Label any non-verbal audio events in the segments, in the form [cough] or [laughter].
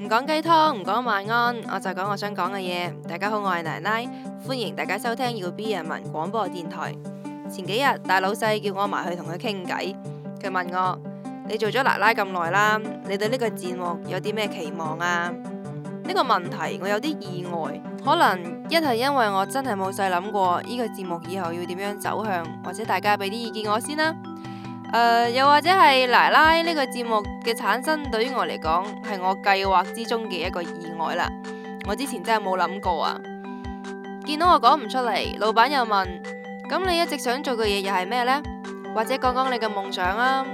唔講雞湯，唔講晚安，我就講我想講嘅嘢。大家好，我係奶奶，歡迎大家收聽 YB 人民廣播電台。前幾日大老細叫我埋去同佢傾偈，佢問我：你做咗奶奶咁耐啦，你對呢個節目有啲咩期望啊？呢個問題我有啲意外，可能一係因為我真係冇細諗過呢個節目以後要點樣走向，或者大家俾啲意見我先啦。誒，uh, 又或者係奶奶呢個節目嘅產生對於，對於我嚟講係我計劃之中嘅一個意外啦。我之前真係冇諗過啊！見到我講唔出嚟，老闆又問：咁你一直想做嘅嘢又係咩呢？或者講講你嘅夢想啊？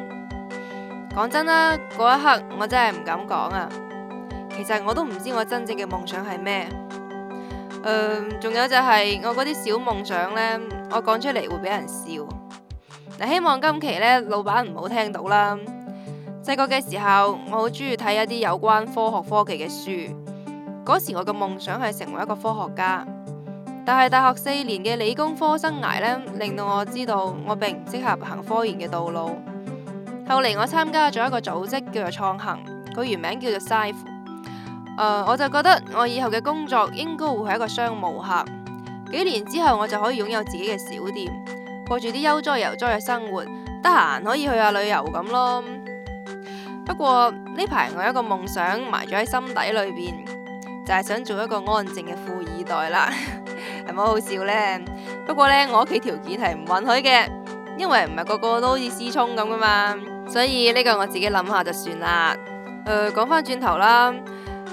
講真啦，嗰一刻我真係唔敢講啊！其實我都唔知我真正嘅夢想係咩。呃，仲有就係我嗰啲小夢想呢，我講出嚟會俾人笑。希望今期呢，老闆唔好聽到啦。細個嘅時候，我好中意睇一啲有關科學科技嘅書。嗰時我嘅夢想係成為一個科學家，但係大學四年嘅理工科生涯呢，令到我知道我並唔適合行科研嘅道路。後嚟我參加咗一個組織叫做創行，佢原名叫做 SIFE。呃，我就覺得我以後嘅工作應該會係一個商務客。幾年之後，我就可以擁有自己嘅小店。過住啲悠哉游哉嘅生活，得閒可以去下旅遊咁咯。不過呢排我有一個夢想埋咗喺心底裏邊，就係、是、想做一個安靜嘅富二代啦，係 [laughs] 咪好笑呢？不過呢，我屋企條件係唔允許嘅，因為唔係個個都好似思聰咁噶嘛，所以呢個我自己諗下就算啦。誒、呃，講翻轉頭啦，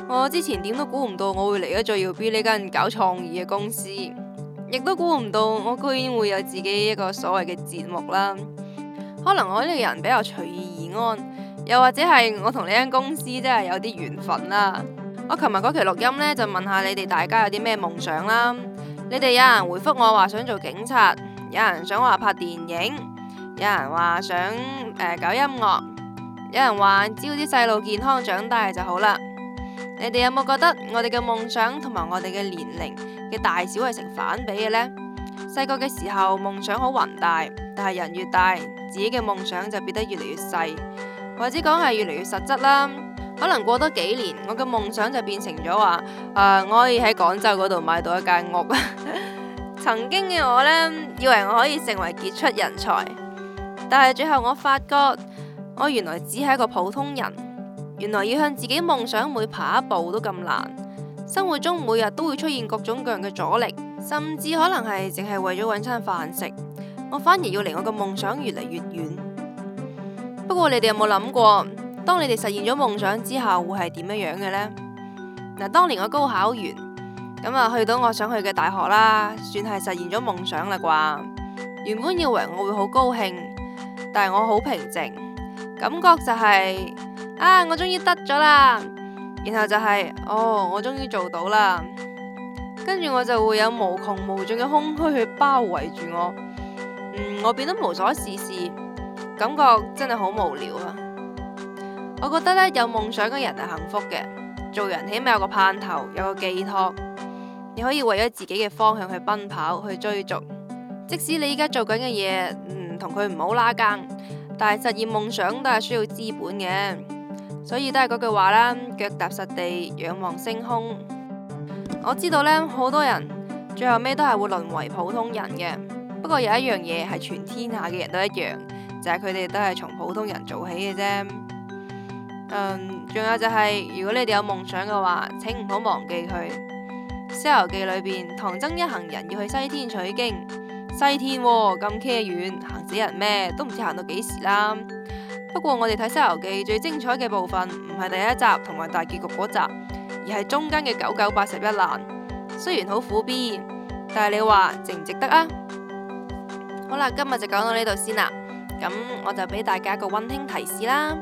我之前點都估唔到我會嚟咗最耀 B 呢間搞創意嘅公司。亦都估唔到，我居然會有自己一個所謂嘅節目啦。可能我呢個人比較隨遇而安，又或者係我同呢間公司真係有啲緣分啦。我琴日嗰期錄音呢，就問下你哋大家有啲咩夢想啦。你哋有人回復我話想做警察，有人想話拍電影，有人話想誒、呃、搞音樂，有人話只要啲細路健康長大就好啦。你哋有冇覺得我哋嘅夢想同埋我哋嘅年齡嘅大小係成反比嘅呢？細個嘅時候，夢想好宏大，但係人越大，自己嘅夢想就變得越嚟越細，或者講係越嚟越實質啦。可能過多幾年，我嘅夢想就變成咗話，誒、呃，我可以喺廣州嗰度買到一間屋。 [laughs] 曾經嘅我呢，以為我可以成為傑出人才，但係最後我發覺，我原來只係一個普通人。原來要向自己夢想每爬一步都咁難，生活中每日都會出現各種各樣嘅阻力，甚至可能係淨係為咗揾餐飯食，我反而要離我嘅夢想越嚟越遠。不過你哋有冇諗過，當你哋實現咗夢想之後會係點樣樣嘅呢？嗱，當年我高考完咁啊，去到我想去嘅大學啦，算係實現咗夢想啦啩。原本以為我會好高興，但係我好平靜，感覺就係……啊！我終於得咗啦，然後就係、是、哦，我終於做到啦。跟住我就會有無窮無盡嘅空虛去包圍住我，嗯。我變得無所事事，感覺真係好無聊啊。我覺得咧有夢想嘅人係幸福嘅，做人起碼有個盼頭，有個寄託，你可以為咗自己嘅方向去奔跑，去追逐。即使你依家做緊嘅嘢，唔同佢唔好拉更，但係實現夢想都係需要資本嘅。所以都係嗰句話啦，腳踏實地，仰望星空。我知道呢，好多人最後咩都係會淪為普通人嘅。不過有一樣嘢係全天下嘅人都一樣，就係佢哋都係從普通人做起嘅啫。嗯，仲有就係，如果你哋有夢想嘅話，請唔好忘記佢。《西遊記》裏邊，唐僧一行人要去西天取經。西天喎，咁騎遠，行死人咩？都唔知行到幾時啦。不過我哋睇《西遊記》最精彩嘅部分，唔係第一集同埋大結局嗰集，而係中間嘅九九八十一難。雖然好苦逼，但係你話值唔值得啊？好啦，今日就講到呢度先啦。咁我就俾大家一個溫馨提示啦，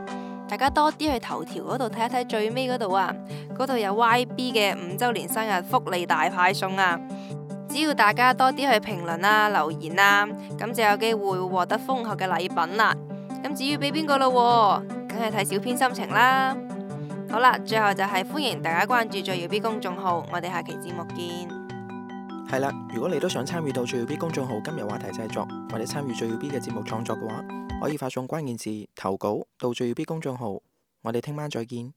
大家多啲去頭條嗰度睇一睇最尾嗰度啊，嗰度有 YB 嘅五週年生日福利大派送啊！只要大家多啲去評論啊、留言啊，咁就有機會獲得豐厚嘅禮品啦。咁至於俾邊個咯，梗係睇小編心情啦。好啦，最後就係歡迎大家關注最耀 B 公眾號，我哋下期節目見。係啦，如果你都想參與到最耀 B 公眾號今日話題製作，或者參與最耀 B 嘅節目創作嘅話，可以發送關鍵字投稿到最耀 B 公眾號。我哋聽晚再見。